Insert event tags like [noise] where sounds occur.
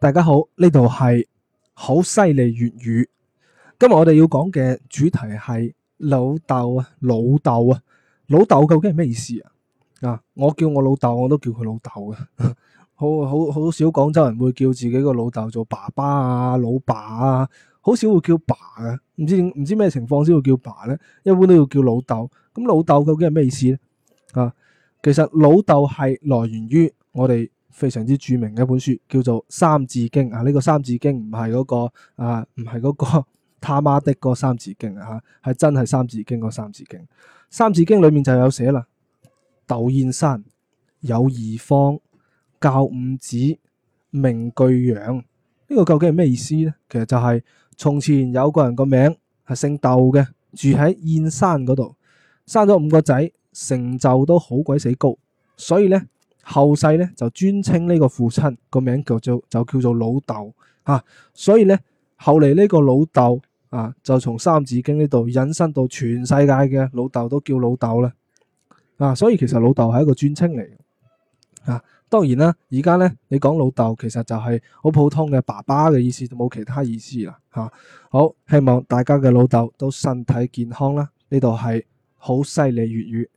大家好，呢度係好犀利粵語。今日我哋要講嘅主題係老豆啊，老豆啊，老豆究竟係咩意思啊？啊，我叫我老豆，我都叫佢老豆啊。 [laughs] 好好好少廣州人會叫自己個老豆做爸爸啊、老爸啊，好少會叫爸啊。唔知唔知咩情況先會叫爸呢？一般都要叫老豆。咁老豆究竟係咩意思呢？啊，其實老豆係來源於我哋。非常之著名嘅一本書，叫做《三字經》啊！呢個《三字經》唔係嗰個啊，唔係嗰個他媽的嗰《三字經》啊，係真係《三字經》嗰《三字經》。《三字經》裏面就有寫啦：竇燕山有義方，教五子名俱揚。呢個究竟係咩意思呢？其實就係從前有個人個名係姓竇嘅，住喺燕山嗰度，生咗五個仔，成就都好鬼死高，所以呢。後世咧就尊稱呢個父親個名叫做，就叫做老豆啊，所以咧後嚟呢個老豆啊就從《三字經》呢度引申到全世界嘅老豆都叫老豆啦啊，所以其實老豆係一個尊稱嚟啊。當然啦，而家咧你講老豆其實就係好普通嘅爸爸嘅意思，冇其他意思啦吓、啊。好，希望大家嘅老豆都身體健康啦。呢度係好犀利粵語。